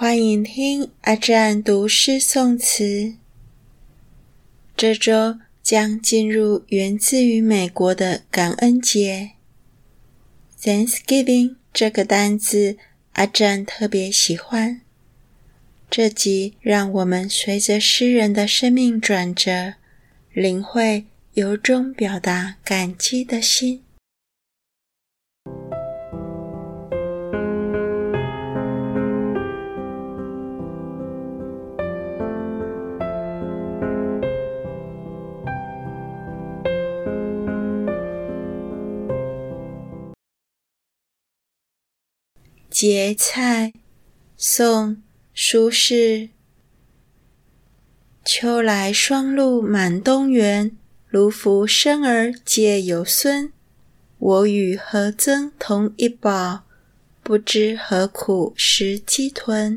歡迎聽阿占讀詩誦，誦詞。這週將進入源自於美國的感恩節 （Thanksgiving） 這個單字，阿占特別喜歡。這集讓我們隨着詩人的生命轉折，領會由衷表達感激的心。擷菜，宋·蘇軾。秋來霜露滿東園，蘆菔生兒芥有孫。我與何曾同一飽，不知何苦食雞豚。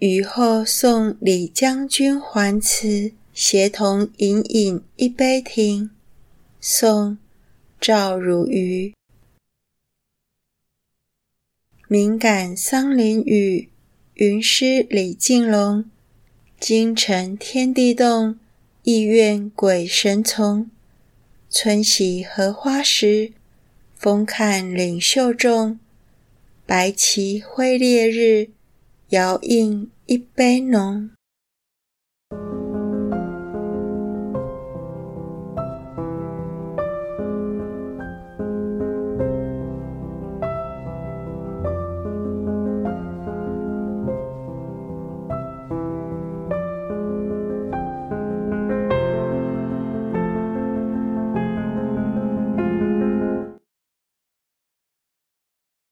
雨後送李將軍還祠偕同寅飲一杯亭。宋·趙汝愚。民感桑林雨，雲施李靖龍。精誠天地動，意願鬼神從。村喜禾花實，峯看嶺岫重。白旗輝烈日。遙映一杯濃。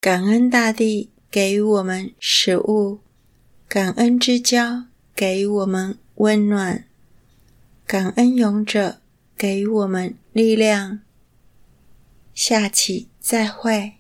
感恩大地給予我們食物。感恩之交給予我們溫暖，感恩勇者給予我們力量。下期再會。